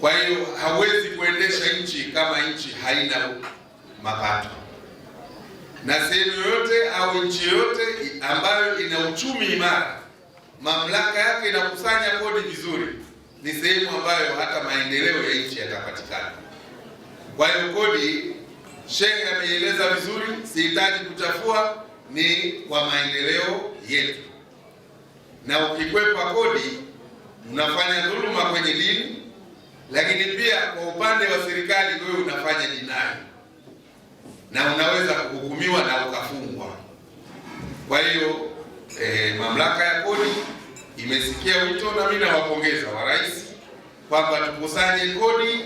Kwa hiyo hawezi kuendesha nchi kama nchi haina mapato, na sehemu yoyote au nchi yoyote ambayo ina uchumi imara, mamlaka yake inakusanya kodi vizuri, ni sehemu ambayo hata maendeleo ya nchi yatapatikana. Kwa hiyo kodi, Sheikh ameieleza vizuri, sihitaji kuchafua, ni kwa maendeleo yetu, na ukikwepa kodi unafanya dhuluma kwenye dini lakini pia kwa upande wa serikali wewe unafanya jinai na unaweza kuhukumiwa na ukafungwa. Kwa hiyo eh, mamlaka ya kodi imesikia wito, na mimi nawapongeza wa rais kwamba tukusanye kodi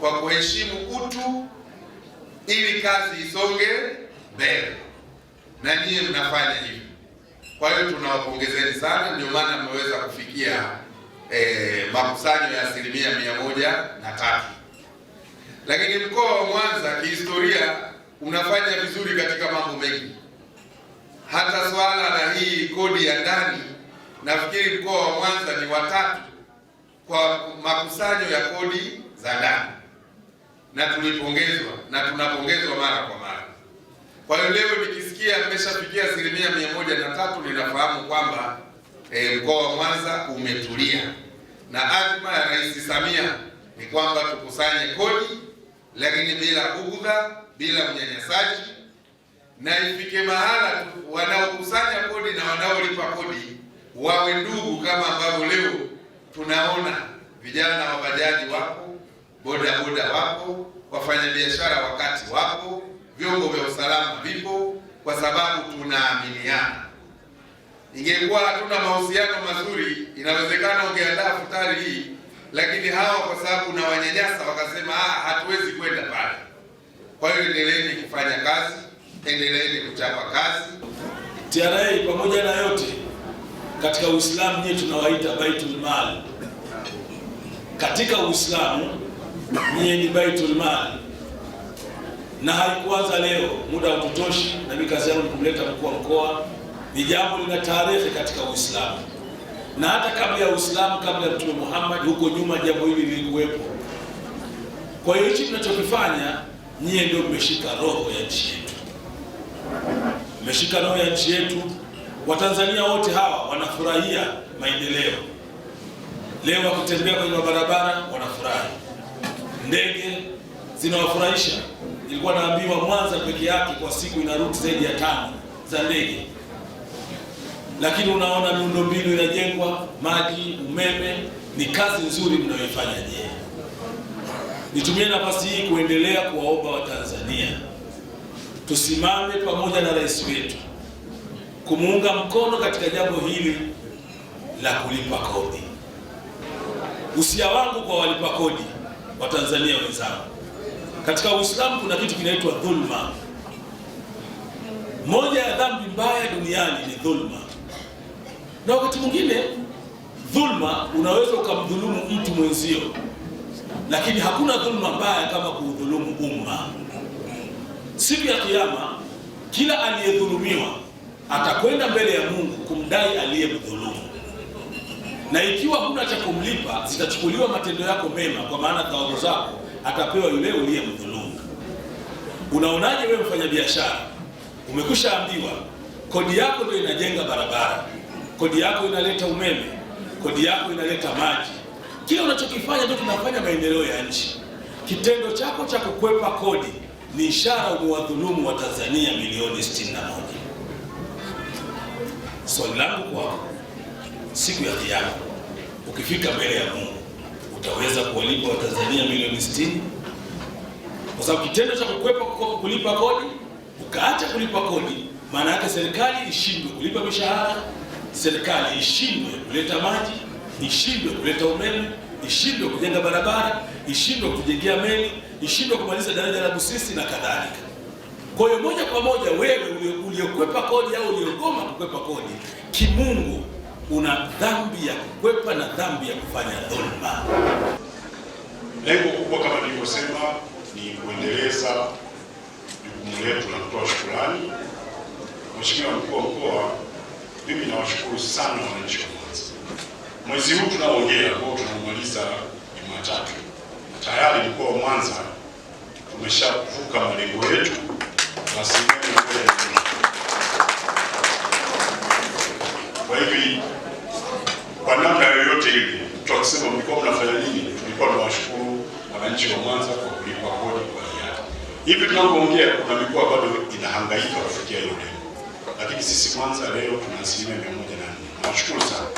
kwa kuheshimu utu ili kazi isonge mbele, na nyinyi mnafanya hivyo. Kwa hiyo tunawapongezeni sana, ndio maana mmeweza kufikia eh, makusanyo ya asilimia mia moja na tatu. Lakini mkoa wa Mwanza kihistoria unafanya vizuri katika mambo mengi, hata swala la hii kodi ya ndani, nafikiri mkoa wa Mwanza ni watatu kwa makusanyo ya kodi za ndani, na tulipongezwa na tunapongezwa mara kwa mara. Kwa hiyo leo nikisikia mmeshafikia asilimia mia moja na tatu ninafahamu kwamba eh, mkoa wa Mwanza umetulia na azma ya Rais Samia ni kwamba tukusanye kodi, lakini bila bughudha, bila unyanyasaji, na ifike mahala wanaokusanya kodi na wanaolipa kodi wawe ndugu, kama ambavyo leo tunaona vijana wa bajaji wapo, bodaboda wapo, wafanyabiashara wakati wapo, vyombo vya usalama vipo, kwa sababu tunaaminiana. Ingekuwa hatuna mahusiano mazuri, inawezekana ungeandaa futari hii, lakini hawa kwa sababu na wanyanyasa wakasema ah, hatuwezi kwenda pale. Kwa hiyo endeleeni kufanya kazi, endeleeni kuchapa kazi. TRA pamoja na yote katika Uislamu nyie tunawaita Baitul Mal. Katika Uislamu nyie ni Baitul Mal na haikuanza leo, muda kutoshi, na mimi kazi yangu kumleta mkuu wa mkoa ni jambo lina tarehe katika Uislamu na hata kabla ya Uislamu, kabla ya Mtume Muhammad, huko nyuma jambo hili lilikuwepo. Kwa hiyo hichi tunachokifanya, nyie ndio mmeshika roho ya nchi yetu, mmeshika roho ya nchi yetu. Watanzania wote hawa wanafurahia maendeleo. Leo wakitembea kwenye barabara wanafurahi, ndege zinawafurahisha. Nilikuwa naambiwa Mwanza peke yake kwa siku ina ruti zaidi ya tano za ndege lakini unaona miundombinu inajengwa, maji, umeme. Ni kazi nzuri mnayoifanya. Je, nitumie nafasi hii kuendelea kuwaomba Watanzania tusimame pamoja na rais wetu kumuunga mkono katika jambo hili la kulipa kodi. Usia wangu kwa walipa kodi wa Tanzania wenzangu, katika Uislamu kuna kitu kinaitwa dhulma. Moja ya dhambi mbaya duniani ni dhulma. Na wakati mwingine dhulma, unaweza ukamdhulumu mtu mwenzio, lakini hakuna dhulma mbaya kama kuudhulumu umma. Siku ya Kiyama kila aliyedhulumiwa atakwenda mbele ya Mungu kumdai aliyemdhulumu, na ikiwa huna cha kumlipa, zitachukuliwa matendo yako mema, kwa maana thawabu zako atapewa yule uliyemdhulumu. Unaonaje wewe mfanyabiashara? umekushaambiwa kodi yako ndio inajenga barabara kodi yako inaleta umeme, kodi yako inaleta maji. Kile unachokifanya ndio tunafanya maendeleo ya nchi. Kitendo chako cha kukwepa kodi ni ishara umewadhulumu wa Tanzania milioni 61. Swali so, langu kwako, siku ya Kiyama ukifika mbele ya Mungu utaweza kuwalipa Watanzania milioni 60? Kwa sababu kitendo cha kukwepa kulipa kodi ukaacha kulipa kodi, maana yake serikali ishindwe kulipa mishahara serikali ishindwe kuleta maji, ishindwe kuleta umeme, ishindwe kujenga barabara, ishindwe kujengea meli, ishindwe kumaliza daraja la Busisi na kadhalika. Kwa hiyo moja kwa moja wewe uliokwepa kodi au uliogoma kukwepa kodi, kimungu una dhambi ya kukwepa na dhambi ya kufanya dhulma. Lengo kubwa kama nilivyosema ni kuendeleza jukumu letu la kutoa shukrani. Mheshimiwa Mkuu wa Mkoa nawashukuru sana wananchi wa Mwanza. Mwezi huu tunaongea kwao, tunamaliza Jumatatu, tayari mkoa wa Mwanza tumeshavuka malengo yetu kwa hivi kwa namna yoyote ile mtu mlikuwa mnafanya nini, tulikuwa tunawashukuru wananchi wa Mwanza kwa kulipa kodi kwa hiari. Hivi tunapoongea kuna mikoa bado inahangaika kufikia hiyo lakini sisi Mwanza leo tuna asilimia mia moja na nne. Nawashukuru sana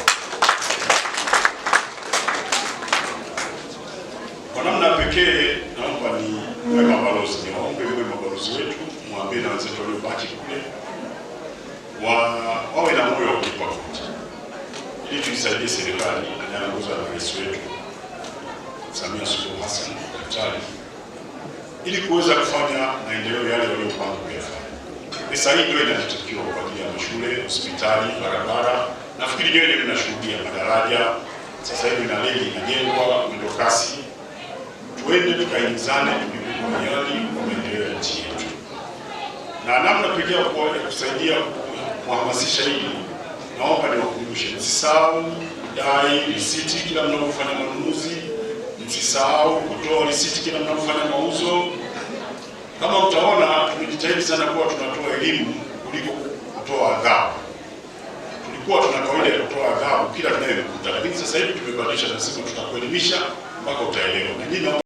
kwa namna pekee. Naomba ni we mabalozi, niwaombe we mabalozi wetu mwambie na wenzetu waliobaki kule wa wawe na moyo wa kulipa kodi ili tuisaidie serikali inayoongozwa na rais wetu Samia Suluhu Hassan Daktari ili kuweza kufanya maendeleo yale waliyopanga kuyafanya. Pesa hii ndio inatakiwa kwa ajili ya mashule, hospitali, barabara. Nafikiri nyote mnashuhudia madaraja sasa hivi na reli inajengwa mwendo kasi. Tuende tukaingizane duniani kwa maendeleo ya nchi yetu, na namna pekee ya kusaidia kuhamasisha hili, naomba niwakumbushe, msisahau dai risiti kila mnapofanya manunuzi, msisahau kutoa risiti kila mnapofanya mauzo. Kama utaona tunajitahidi sana kuwa tunatoa elimu kuliko kutoa adhabu. Tulikuwa tuna kawaida ya kutoa adhabu kila tunayokuta, lakini sasa hivi tumebadilisha, sisi tutakuelimisha mpaka utaelewa.